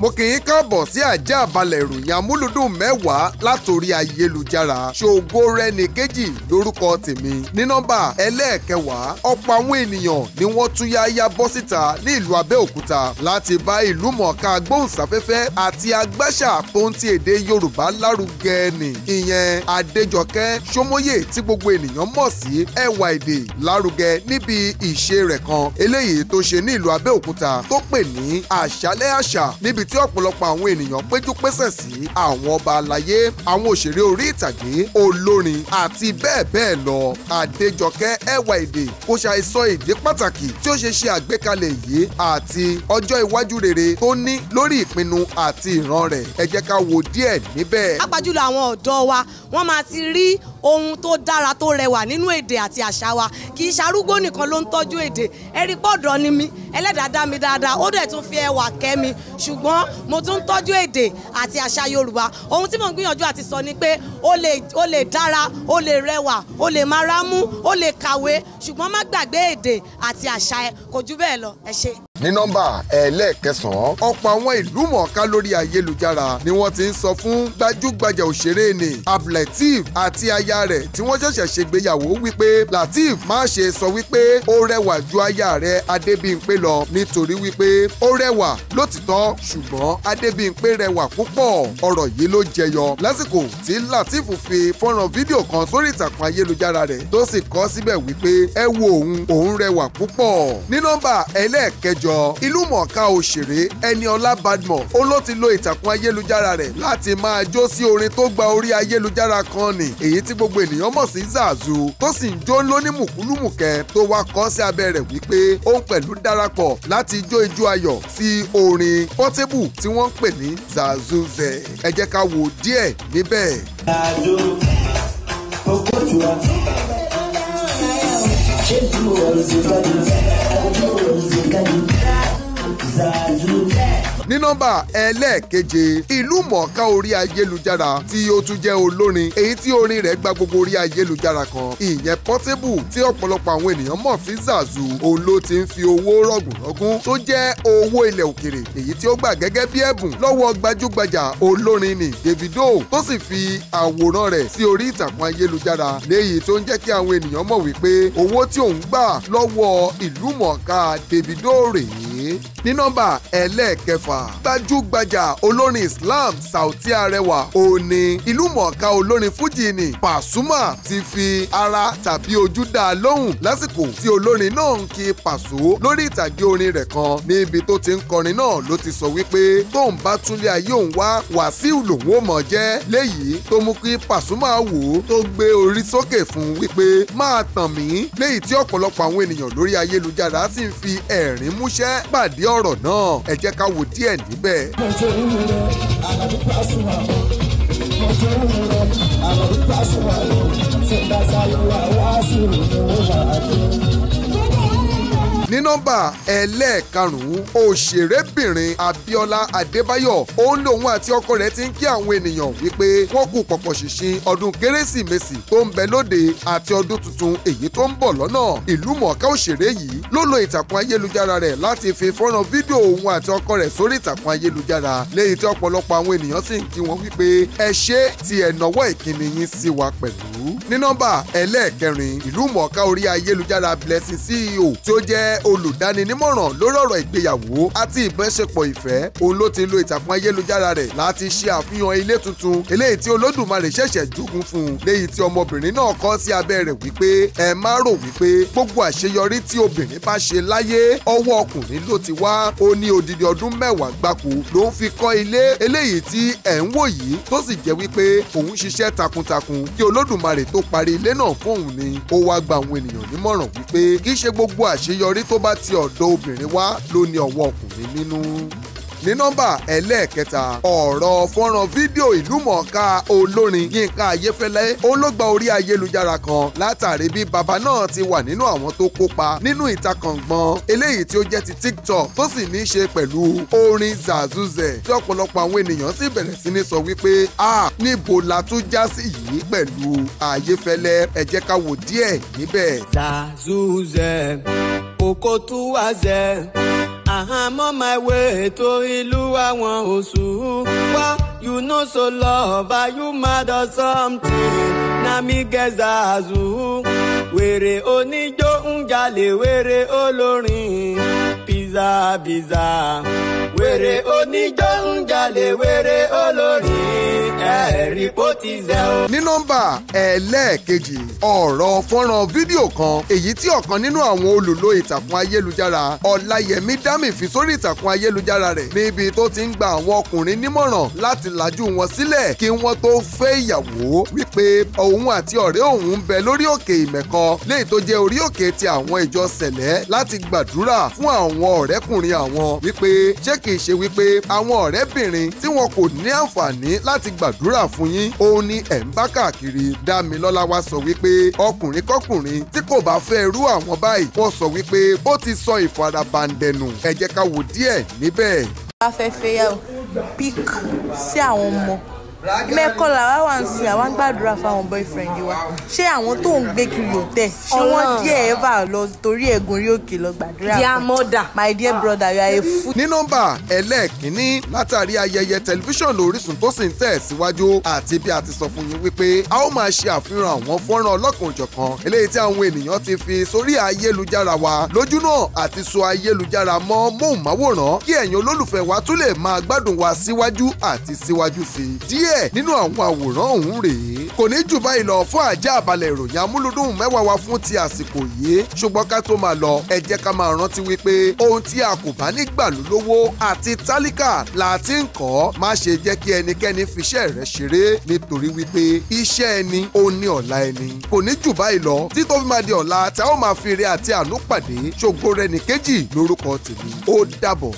mo kì í káàbọ̀ sí àjà àbálẹ̀ ìròyìn amúlùdùn mẹ́wàá látòrí ayélujára ṣògo rẹni kejì lórúkọ tèmi ní nọ́mbà ẹlẹ́ẹ̀kẹwàá ọ̀pọ̀ àwọn ènìyàn ni wọ́n tún yáyá bọ́ síta ní ìlú Abẹ́òkúta láti bá ìlú mọ̀ọ́ká agbóhùnsáfẹ́fẹ́ àti agbáṣà pọ́ńtì èdè Yorùbá lárugẹ ni ìyẹn Adéjọkẹ́ Ṣómóyè tí gbogbo ènìyàn mọ̀ sí ẹwà èdè lárugẹ níbi ìṣe rẹ̀ kan eléyìí tó ṣe ní ìlú Abẹ́òkúta tó pè ní àṣálẹ́ àṣà níbi tí ọ̀pọ̀lọpọ̀ àwọn ènìyàn péjú pésẹ̀ sí àwọn ọba aláyé àwọn òṣèré orí ìtàgé olórin àti bẹ́ẹ̀ bẹ́ẹ̀ lọ Adéjọkẹ́ ẹwà èdè kò ṣàìsọ èdè pàtàkì tí ó ṣe ṣe àgbékalẹ̀ yìí àti ọjọ́ iwájú rere tó ní lórí ìpinnu àti ìran rẹ̀ ẹ jẹ́ ká wo díẹ̀ níbẹ̀. pàápàá jùlọ àwọn ọ̀dọ́ wa wọ́n máa ti rí ohun tó dára tó rẹwà nínú èdè àti àṣà wa kì í ṣarúgbó nìkan ló ń tọ́jú èdè ẹ̀rí pọ̀dọ̀ ni mí ẹlẹ́dàá mi dáadáa ó dẹ̀ tún fi ẹwà kẹ́ mi ṣùgbọ́n mo tún ń tọ́jú èdè àti àṣà yorùbá ohun tí mò ń gbìyànjú àti sọ ni pé o lè o lè dára o lè rẹwà o lè máa rámú o lè kàwé ṣùgbọ́n má gbàgbé èdè àti àṣà ẹ kò jù bẹ́ẹ̀ lọ ẹ ṣé ní nọ́mbà ẹlẹ́ẹ̀kẹsàn-án ọ̀pọ̀ àwọn ìlú mọ̀ọ́ká lórí ayélujára ni wọ́n ti ń sọ fún gbajúgbajà òṣèré ni Abdulateef àti aya rẹ̀ tí wọ́n ṣẹ̀ṣẹ̀ ṣègbéyàwó wípé Latif má ṣe sọ wípé ó rẹwà ju aya rẹ̀ Adébíyìnpé lọ nítorí wípé ó rẹwà lótìtọ́ ṣùgbọ́n Adébíyìnpé rẹwà púpọ̀ ọ̀rọ̀ yìí ló jẹyọ lásìkò tí Lateef fi fọ́nrán fídíò kan sórí ìtàkùn ayélujára rẹ̀ tó sì kọ síbẹ̀ wípé ẹ wo òun òun rẹwà púpọ̀ ní nọ́mbà ẹlẹ́ẹ̀kẹjọ àwùjọ. ìlú mọ̀ọ́ká òṣèré Ẹniọlá Badmus ó ló ti lo ìtàkùn ayélujára rẹ̀ láti máa jó sí orin tó gba orí ayélujára kan nì èyí tí gbogbo ènìyàn mọ̀ sí zazu tó sì ń jó lóní mùkúlùmùkẹ́ tó wá kọ́ sí abẹ́ rẹ̀ wípé òun pẹ̀lú darapọ̀ láti jó ijó ayọ̀ sí orin pọ́tébù tí wọ́n ń pè ní zazu zẹ̀ ẹ jẹ́ ká wo díẹ̀ níbẹ̀. zazu okòtù wa ṣé tí mo nọ́mbà ẹlẹ́ẹ̀keje ìlú mọ̀ọ́ká orí ayélujára tí ó tún jẹ́ olórin èyí tí orin rẹ̀ gba gbogbo orí ayélujára kan ìyẹn Portable tí ọ̀pọ̀lọpọ̀ àwọn ènìyàn mọ̀ sí Zazu òun ló ti ń fi owó rọ̀gùnrọ̀gùn tó jẹ́ owó ilẹ̀ òkèrè èyí tí ó gbà gẹ́gẹ́ bí ẹ̀bùn lọ́wọ́ gbajúgbajà olórin ni Davido tó sì fi àwòrán rẹ̀ sí orí ìtàkùn ayélujára léyìí tó ń jẹ́ kí àwọn ènìyàn mọ̀ wípé owó tí òun gbà lọ́wọ́ ìlú mọ̀ọ́ká Davido rèé ní nọ́mbà ẹlẹ́ẹ̀kẹfà gbajúgbajà olórin Islam Saoti Arẹwà òní ìlú mọ̀ọ́ká olórin fújì ni Pasuma ti fi ara tàbí ojú dá a lóhùn lásìkò tí olórin náà ń kí Paso lórí ìtàgé orin rẹ̀ kan níbi tó ti ń kọrin náà ló ti sọ wípé tóun bá túnlé ayé òun wá Wàsíù lòun ó mọ̀ jẹ́ léyìí tó mú kí Pasuma wò ó tó gbé orí sókè fún wípé máa tàn mí léyìí tí ọ̀pọ̀lọpọ̀ àwọn ènìyàn lórí ayélujára sì ń fi ẹ̀rín músẹ́ b pàdé ọ̀rọ̀ náà ẹ jẹ́ ká wo díẹ̀ níbẹ̀. nọ́mbà ẹlẹ́ẹ̀karùn-ún òṣèrébìnrin Abíọ́lá Adébáyọ̀ òun lòun àti ọkọ rẹ̀ ti ń kí àwọn ènìyàn wípé wọ́n kú pọ̀pọ̀ ṣìnṣìn ọdún kérésìmesì tó ń bẹ lóde àti ọdún tuntun èyí tó ń bọ̀ lọ́nà ìlú mọ̀ọ́ká òṣèré yìí ló lo ìtàkùn ayélujára rẹ̀ láti fi fọ́nrán fídíò òun àti ọkọ rẹ̀ sórí ìtàkùn ayélujára léyìí tí ọ̀pọ̀lọpọ̀ àwọn ènìyàn sì ń kí wọn wípé ẹ ṣé ti ẹ nọwọ́ ìkíni yín sí wa pẹ̀lú ní nọ́mbà ẹlẹ́ẹ̀kẹrin ìlú mọ̀ọ́ká orí ayélujára Blessing CEO tí ó jẹ́ olùdáninímọ̀ràn lórí ọ̀rọ̀ ìgbéyàwó àti ìbáṣepọ̀ ìfẹ́ òun ló ti lo ìtàkùn ayélujára rẹ̀ láti ṣe àfihàn ilé tuntun eléyìí tí olódùmarè ṣẹ̀ṣẹ̀ jogún fún un léyìí tí ọmọbìnrin náà kọ́ sí abẹ́ rẹ̀ wípé ẹ má rò wípé gbogbo àṣeyọrí tí obìnrin bá ṣe láyé ọwọ́ ọkùnrin ló ti wá ó ní odidi ọdún mẹ́wàá gbáko ló ń fi kọ́ ilé eléyìí tí ẹ̀ ń wò yìí tó sì jẹ́ wípé òun ṣiṣẹ́ takuntakun kí olódùmarè Elédùmarè tó parí ilé náà fóun ni ó wá gba àwọn ènìyàn nímọ̀ràn wípé kì ṣe gbogbo àṣeyọrí tó bá ti ọ̀dọ̀ obìnrin wá ló ọwọ́ ọkùnrin nínú ní nọ́mbà ẹlẹ́ẹ̀kẹta ọ̀rọ̀ fọ́nrán fídíò ìlúmọ̀ọ́ká olórin Yínká Ayéfẹ́lẹ́ òun ló gba orí ayélujára kan látàrí bí bàbá náà ti wà nínú àwọn tó kópa nínú ìtakàngbọ̀n eléyìí tí ó jẹ́ ti TikTok tó sì ní í ṣe pẹ̀lú orin Zazuze tí ọ̀pọ̀lọpọ̀ àwọn ènìyàn sì bẹ̀rẹ̀ sí ní sọ wípé a níbo la tún já sí yìí pẹ̀lú Ayéfẹ́lẹ́ ẹ jẹ́ ká wò díẹ̀ níbẹ̀. Zazuze kòkó tún wá zẹ́. I'm on my way to ìlú àwọn oṣù. Wá, you know so love, are you mad or something? Na mi gẹ̀ẹ́sà àzù. Wèrè oníjó ń jalè, wèrè olórin. Pizza, pizza. Wèrè oníjó ń jalè, wèrè olórin. Ẹ̀rí eh, bó ti zẹ̀ o ní nọ́mbà ẹlẹ́ẹ̀kejì ọ̀rọ̀ fọ́nrán fídíò kan èyí tí ọ̀kan nínú àwọn olùlò ìtàkùn ayélujára ọláyẹmí dámì fi sórí ìtàkùn ayélujára rẹ̀ níbi tó ti ń gba àwọn ọkùnrin nímọ̀ràn láti lajú wọn sílẹ̀ kí wọ́n tó fẹ́ ìyàwó wípé òun àti ọ̀rẹ́ òun ń bẹ lórí òkè ìmẹ̀kọ léyìí tó jẹ́ orí òkè ti àwọn ìjọ sẹ̀lẹ́ láti gbàdúrà fún àwọn ọ̀rẹ́kùnrin àwọn wípé ṣé kìí ṣe wípé àwọn ọ̀rẹ́bìnrin tí wọn kò ní àǹfààní láti gbàdúrà fún yín òun ni ẹ̀ ń bá káàkiri Dámilọ́lá wá sọ wípé ọkùnrin kọ́kùnrin tí kò bá fẹ́ irú àwọn báyìí wọ́n sọ wípé ó ti sọ ìfarabandẹnu ẹ ká wò díẹ̀ níbẹ̀. a fẹ́ fẹ́ yà pík sí àwọn ọmọ mẹ́kọ́lá wa wà ń sin àwa ń gbàdúrà fáwọn boyfriend wa ṣé àwọn tó ń gbé kiri òtẹ́ ṣé wọ́n díẹ̀ ẹ̀fà lọ torí ẹ̀gùn rí òkè lọ gbàdúrà fún dear mother my dear ah. brother you are a fool. ní nọ́mbà ẹlẹ́ẹ̀kínní látàrí ayẹyẹ tẹlifíṣàn Orísun tó sì ń tẹ̀ síwájú àti bí a ti sọ fún yín wípé a ó máa ṣe àfihàn àwọn fọ́nrán ọlọ́kan-ò-jọ̀kan eléyìí tí àwọn ènìyàn ti fi sórí ayélujára wa lójúnà àti so ayélujára mọ́ móhùnmáwòrán kí ẹ̀yin olólùfẹ́ wa tún lè máa gbádùn wa díẹ̀ nínú àwọn àwòrán ọ̀hún rèé kò ní jù báyìí lọ fún àjà àbálẹ̀ ìròyìn amúlùdùn mẹ́wàá wa fún ti àsìkò yìí ṣùgbọ́n ká tó máa lọ ẹ jẹ́ ká máa rántí wípé ohun tí a kò bá nígbà lólówó àti tálíkà là ti ń kọ́ má ṣe jẹ́ kí ẹnikẹ́ni fiṣẹ́ rẹ̀ ṣeré nítorí wípé iṣẹ́ ẹni ó ní ọ̀la ẹni kò ní jù báyìí lọ tí fi máa di ọ̀la tá ó máa fi ire àti àánú pàdé ṣògo rẹ̀ nìkejì lórúkọ tèmi ó dàbọ̀.